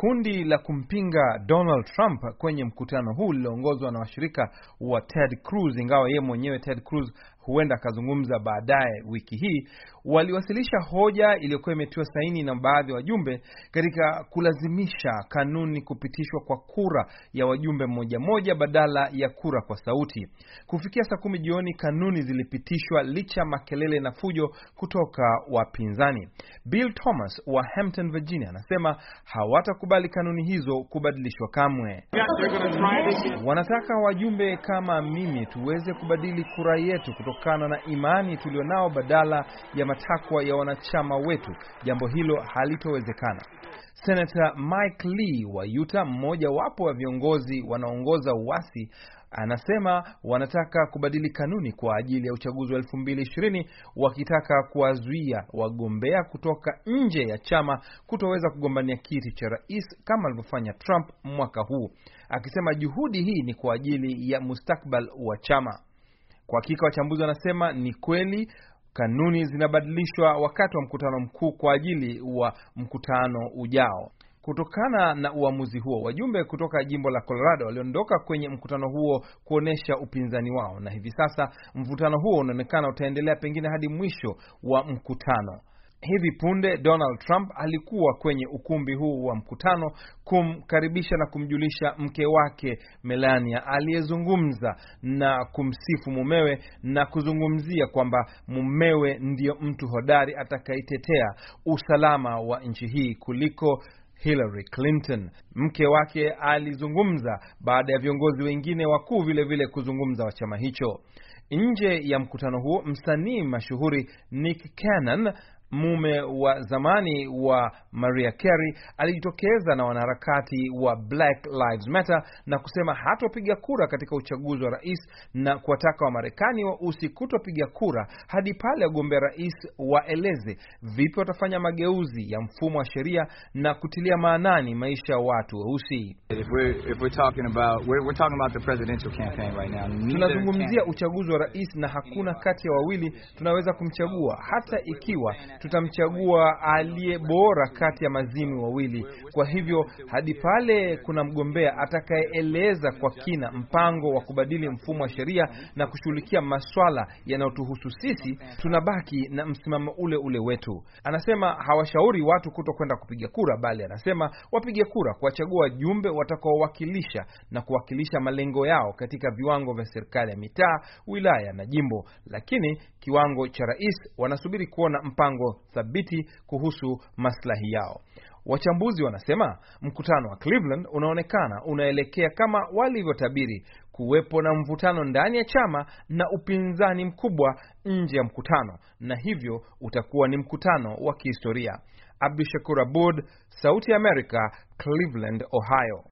Kundi la kumpinga Donald Trump kwenye mkutano huu liliongozwa na washirika wa Ted Cruz, ingawa yeye mwenyewe Ted Cruz huenda akazungumza baadaye wiki hii, waliwasilisha hoja iliyokuwa imetiwa saini na baadhi ya wajumbe katika kulazimisha kanuni kupitishwa kwa kura ya wajumbe mmoja moja badala ya kura kwa sauti. Kufikia saa kumi jioni, kanuni zilipitishwa licha makelele na fujo kutoka wapinzani. Bill Thomas wa Hampton, Virginia, anasema hawatakubali kanuni hizo kubadilishwa kamwe. Yeah, wanataka wajumbe kama mimi tuweze kubadili kura yetu kutoka kutokana na imani tulionao badala ya matakwa ya wanachama wetu, jambo hilo halitowezekana. Senata Mike Lee wa Utah, mmoja wapo wa viongozi wanaongoza uasi, anasema wanataka kubadili kanuni kwa ajili ya uchaguzi wa 2020 wakitaka kuwazuia wagombea kutoka nje ya chama kutoweza kugombania kiti cha rais kama alivyofanya Trump mwaka huu, akisema juhudi hii ni kwa ajili ya mustakbal wa chama. Kwa hakika wachambuzi wanasema ni kweli kanuni zinabadilishwa wakati wa mkutano mkuu kwa ajili wa mkutano ujao. Kutokana na uamuzi huo, wajumbe kutoka jimbo la Colorado waliondoka kwenye mkutano huo kuonyesha upinzani wao, na hivi sasa mvutano huo unaonekana utaendelea pengine hadi mwisho wa mkutano. Hivi punde Donald Trump alikuwa kwenye ukumbi huu wa mkutano kumkaribisha na kumjulisha mke wake Melania, aliyezungumza na kumsifu mumewe na kuzungumzia kwamba mumewe ndiyo mtu hodari atakayetetea usalama wa nchi hii kuliko Hillary Clinton. Mke wake alizungumza baada ya viongozi wengine wakuu vilevile kuzungumza wa chama hicho. Nje ya mkutano huo, msanii mashuhuri Nick Cannon mume wa zamani wa Maria Carey alijitokeza na wanaharakati wa Black Lives Matter na kusema hatopiga kura katika uchaguzi wa rais na kuwataka Wamarekani wausi kutopiga kura hadi pale wagombea rais waeleze vipi watafanya mageuzi ya mfumo wa sheria na kutilia maanani maisha ya watu weusi. Tunazungumzia uchaguzi wa rais na hakuna kati ya wawili tunaweza kumchagua hata ikiwa tutamchagua aliye bora kati ya mazimwi wawili. Kwa hivyo hadi pale kuna mgombea atakayeeleza kwa kina mpango wa kubadili mfumo wa sheria na kushughulikia maswala yanayotuhusu sisi, tunabaki na msimamo ule ule wetu. Anasema hawashauri watu kuto kwenda kupiga kura, bali anasema wapige kura kuwachagua wajumbe watakaowakilisha na kuwakilisha malengo yao katika viwango vya serikali ya mitaa, wilaya na jimbo, lakini kiwango cha rais wanasubiri kuona mpango msimamo thabiti kuhusu maslahi yao. Wachambuzi wanasema mkutano wa Cleveland unaonekana unaelekea kama walivyotabiri, kuwepo na mvutano ndani ya chama na upinzani mkubwa nje ya mkutano, na hivyo utakuwa ni mkutano wa kihistoria. abdu shakur Abud, Sauti ya america Cleveland, Ohio.